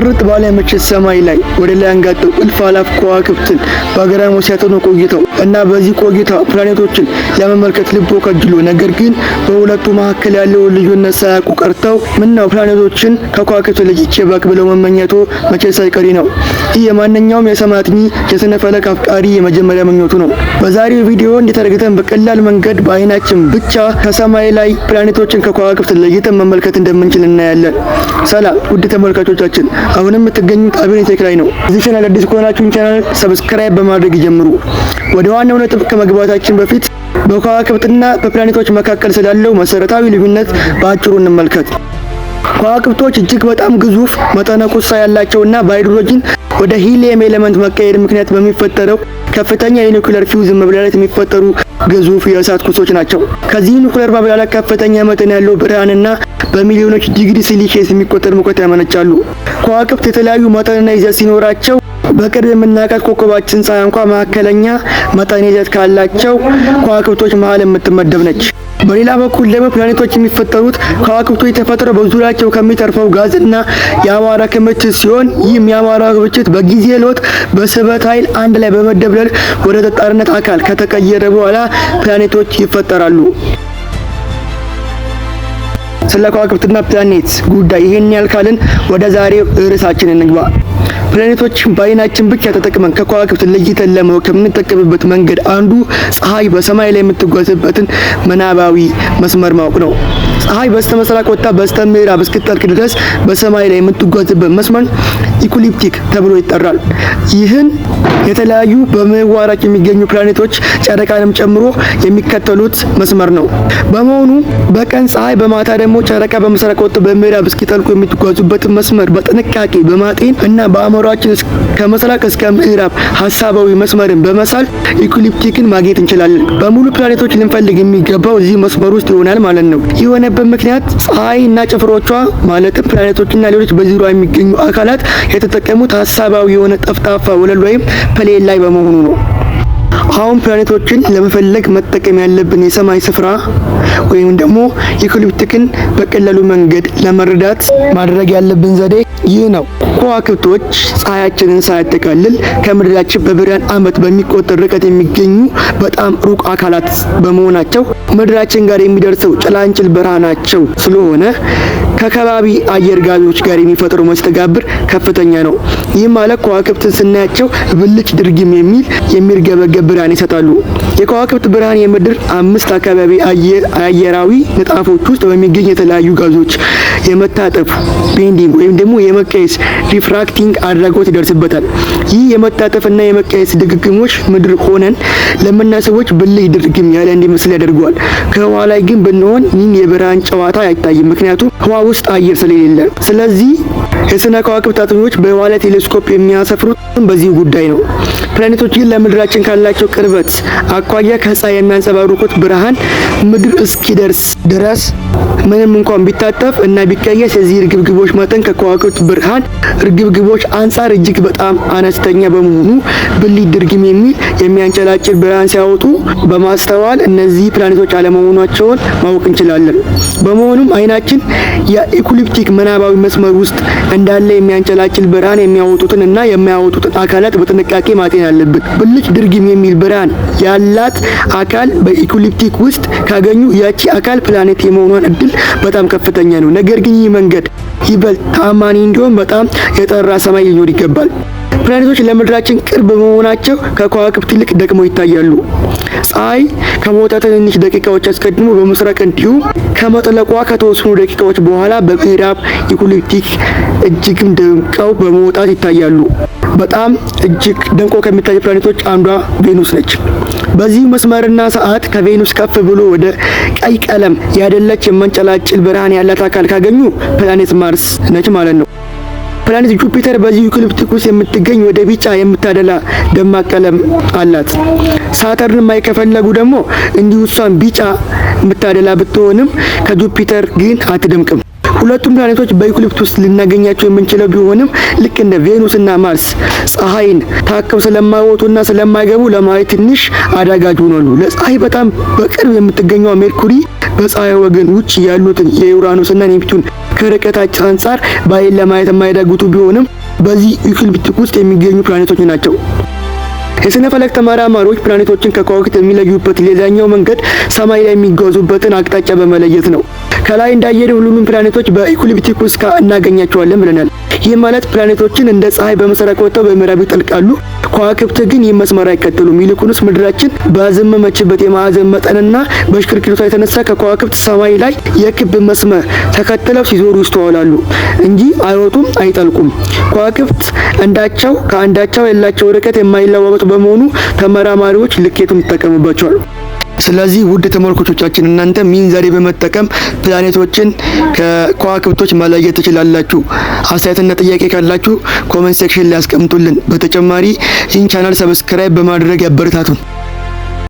ጥርት ባለ ምሽት ሰማይ ላይ ወደ ላይ አንጋጠው እልፍ አላፍ ከዋክብትን በአገራሞ ሲያጠኑ ቆይተው እና በዚህ ቆይታ ፕላኔቶችን ለመመልከት ልቦ ከጅሎ ነገር ግን በሁለቱ መካከል ያለውን ልዩነት ሳያውቁ ቀርተው ምነው ፕላኔቶችን ከከዋክብት ለይቼ ባቅ ብለው መመኘቶ መቼ ሳይቀሪ ነው። ይህ የማንኛውም የሰም አጥኚ፣ የስነ ፈለክ አፍቃሪ የመጀመሪያ ምኞቱ ነው። በዛሬው ቪዲዮ እንዲተረግተን በቀላል መንገድ በአይናችን ብቻ ከሰማይ ላይ ፕላኔቶችን ከከዋክብት ለይተን መመልከት እንደምንችል እናያለን። ሰላም ውድ ተመልካቾቻችን፣ አሁንም የምትገኙት አብዮን ቴክ ላይ ነው። እዚህ ቻናል አዲስ ከሆናችሁን ቻናል ሰብስክራይብ በማድረግ ይጀምሩ። ወደ ዋናው ነጥብ ከመግባታችን በፊት በከዋክብትና በፕላኔቶች መካከል ስላለው መሰረታዊ ልዩነት በአጭሩ እንመልከት። ከዋክብቶች እጅግ በጣም ግዙፍ መጠነ ቁሳ ያላቸውና በሃይድሮጂን ወደ ሂሊየም ኤሌመንት መቀየር ምክንያት በሚፈጠረው ከፍተኛ የኒኩሌር ፊውዝ መብላላት የሚፈጠሩ ግዙፍ የእሳት ኩሶች ናቸው። ከዚህ ኒኩሌር ማብላላት ከፍተኛ መጠን ያለው ብርሃንና በሚሊዮኖች ዲግሪ ሴልሺየስ የሚቆጠር ሙቀት ያመነጫሉ። ከዋክብት የተለያዩ መጠንና ይዘት ሲኖራቸው በቅርብ የምናውቃት ኮከባችን ፀሐይ እንኳ መካከለኛ መጠን ይዘት ካላቸው ከዋክብቶች መሀል የምትመደብ ነች። በሌላ በኩል ደግሞ ፕላኔቶች የሚፈጠሩት ከዋክብቶች ተፈጥሮ በዙሪያቸው ከሚተርፈው ጋዝና የአቧራ ክምችት ሲሆን ይህም የአቧራ ክምችት በጊዜ ሎት በስበት ኃይል አንድ ላይ በመደብለል ወደ ጠጣርነት አካል ከተቀየረ በኋላ ፕላኔቶች ይፈጠራሉ። ስለ ከዋክብትና ፕላኔት ጉዳይ ይህን ያልካልን ወደ ዛሬው ርዕሳችን እንግባ። ፕላኔቶችን በአይናችን ብቻ ተጠቅመን ከከዋክብት ለይተን ለማወቅ ከምንጠቀምበት መንገድ አንዱ ፀሐይ በሰማይ ላይ የምትጓዝበትን መናባዊ መስመር ማወቅ ነው። ፀሐይ በስተ መስራቅ ወጥታ በስተ ምዕራብ እስክትጠልቅ ድረስ በሰማይ ላይ የምትጓዝበት መስመር ኢኩሊፕቲክ ተብሎ ይጠራል። ይህን የተለያዩ በምህዋራቸው የሚገኙ ፕላኔቶች ጨረቃንም ጨምሮ የሚከተሉት መስመር ነው። በመሆኑ በቀን ፀሐይ፣ በማታ ደግሞ ጨረቃ በመስራቅ ወጥተው በምዕራብ እስኪጠልቁ የሚጓዙበት መስመር በጥንቃቄ በማጤን እና በአእምሯችን ከመስራቅ እስከ ምዕራብ ሀሳባዊ መስመርን በመሳል ኢኩሊፕቲክን ማግኘት እንችላለን። በሙሉ ፕላኔቶች ልንፈልግ የሚገባው እዚህ መስመር ውስጥ ይሆናል ማለት ነው። የሆነ የሆነበት ምክንያት ፀሐይ እና ጭፍሮቿ ማለትም ፕላኔቶችና ሌሎች በዙሪያ የሚገኙ አካላት የተጠቀሙት ሀሳባዊ የሆነ ጠፍጣፋ ወለል ወይም ፕሌን ላይ በመሆኑ ነው። አሁን ፕላኔቶችን ለመፈለግ መጠቀም ያለብን የሰማይ ስፍራ ወይም ደግሞ የኤክሊፕቲክን በቀላሉ መንገድ ለመረዳት ማድረግ ያለብን ዘዴ ይህ ነው። ከዋክብቶች ፀሐያችንን ሳያጠቃልል ከምድራችን በብርሃን ዓመት በሚቆጠር ርቀት የሚገኙ በጣም ሩቅ አካላት በመሆናቸው ምድራችን ጋር የሚደርሰው ጭላንጭል ብርሃናቸው ስለሆነ ከከባቢ አየር ጋዞች ጋር የሚፈጥረው መስተጋብር ከፍተኛ ነው። ይህ ማለት ከዋክብትን ስናያቸው ብልጭ ድርግም የሚል የሚርገበገብ ብርሃን ይሰጣሉ። የከዋክብት ብርሃን የምድር አምስት አካባቢ አየራዊ ንጣፎች ውስጥ በሚገኝ የተለያዩ ጋዞች የመታጠፍ ቤንዲንግ ወይም ደግሞ የመቀየስ ሪፍራክቲንግ አድራጎት ይደርስበታል። ይህ የመታጠፍና የመቀየስ ድግግሞች ምድር ሆነን ሰዎች ብልይ ድርግም ያለ እንዲመስል ያደርገዋል። ከህዋ ላይ ግን ብንሆን ይህን የብርሃን ጨዋታ አይታይም፣ ምክንያቱም ህዋ ውስጥ አየር ስለሌለ። ስለዚህ የስነ ከዋክብት አጥኚዎች በህዋ ቴሌስኮፕ የሚያሰፍሩት በዚህ ጉዳይ ነው። ፕላኔቶችን ለምድራችን ካላቸው ቅርበት አኳያ ከፀሐይ የሚያንጸባርቁት ብርሃን ምድር እስኪደርስ ድረስ ምንም እንኳን ቢታጠፍ እና ቢቀየስ የዚህ እርግብግቦች መጠን ከከዋክብት ብርሃን እርግብግቦች አንጻር እጅግ በጣም አነስተኛ በመሆኑ ብሊት ድርግም የሚል የሚያንጨላጭል ብርሃን ሲያወጡ በማስተዋል እነዚህ ፕላኔቶች አለመሆናቸውን ማወቅ እንችላለን። በመሆኑም አይናችን የኢኩሊፕቲክ ምናባዊ መስመር ውስጥ እንዳለ የሚያንጨላጭል ብርሃን የሚያወጡትን እና የማያወጡትን አካላት በጥንቃቄ ማጤን አለብን። ብልጭ ድርግም የሚል ብርሃን ያላት አካል በኢኩሊፕቲክ ውስጥ ካገኙ ያቺ አካል ፕላኔት የመሆኗን እድል በጣም ከፍተኛ ነው። ነገር ግን ይህ መንገድ ይበልጥ ታማኒ እንዲሆን በጣም የጠራ ሰማይ ሊኖር ይገባል። ፕላኔቶች ለምድራችን ቅርብ በመሆናቸው ከከዋክብት ይልቅ ደግሞ ይታያሉ። ፀሐይ ከመውጣት ትንሽ ደቂቃዎች አስቀድሞ በምስራቅ እንዲሁም ከመጥለቋ ከተወሰኑ ደቂቃዎች በኋላ በምዕራብ ኢኩሊፕቲክ እጅግም ደምቀው በመውጣት ይታያሉ። በጣም እጅግ ደምቆ ከሚታዩ ፕላኔቶች አንዷ ቬኑስ ነች። በዚህ መስመርና ሰዓት ከቬኑስ ከፍ ብሎ ወደ ቀይ ቀለም ያደለች የመንጨላጭል ብርሃን ያላት አካል ካገኙ ፕላኔት ማርስ ነች ማለት ነው። ፕላኔት ጁፒተር በዚህ ዩካሊፕቲክ ውስጥ የምትገኝ ወደ ቢጫ የምታደላ ደማቅ ቀለም አላት። ሳተርን ማየት ደግሞ እንዲሁ እሷን ቢጫ የምታደላ ብትሆንም ከጁፒተር ግን አትደምቅም። ሁለቱም ፕላኔቶች በዩክሊፕት ውስጥ ልናገኛቸው የምንችለው ቢሆንም ልክ እንደ ቬኑስና ማርስ ፀሐይን ታከው ስለማይወጡና ስለማይገቡ ለማየት ትንሽ አዳጋጅ ሆናሉ። ለፀሐይ በጣም በቅርብ የምትገኘው ሜርኩሪ በፀሐይ ወገን ውጭ ያሉትን የዩራኖስና ኔፕቱን ከርቀታቸው አንጻር በአይን ለማየት የማይዳግቱ ቢሆንም በዚህ ዩክሊፕቲክ ውስጥ የሚገኙ ፕላኔቶች ናቸው። የስነ ፈለክ ተመራማሪዎች ፕላኔቶችን ከከዋክብት የሚለዩበት ሌላኛው መንገድ ሰማይ ላይ የሚጓዙበትን አቅጣጫ በመለየት ነው። ከላይ እንዳየነው ሁሉንም ፕላኔቶች በኢኩሊፕቲኩስ እናገኛቸዋለን ብለናል። ይህ ማለት ፕላኔቶችን እንደ ፀሐይ በምስራቅ ወጥተው በምዕራብ ይጠልቃሉ። ከዋክብት ግን ይህ መስመር አይከተሉም። ይልቁንስ ምድራችን ባዘመመችበት የማዕዘን መጠንና በሽክርክሪቷ የተነሳ ከከዋክብት ሰማይ ላይ የክብ መስመር ተከትለው ሲዞሩ ይስተዋላሉ እንጂ አይወጡም፣ አይጠልቁም። ከዋክብት አንዳቸው ከአንዳቸው ያላቸው ርቀት የማይለዋወጥ በመሆኑ ተመራማሪዎች ልኬቱን ይጠቀሙባቸዋል። ስለዚህ ውድ ተመልካቾቻችን እናንተ ሚንዛሬ በመጠቀም ፕላኔቶችን ከከዋክብቶች መለየት ትችላላችሁ። አስተያየትና ጥያቄ ካላችሁ ኮመንት ሴክሽን ላይ ያስቀምጡልን። በተጨማሪ ይህን ቻናል ሰብስክራይብ በማድረግ ያበረታቱን።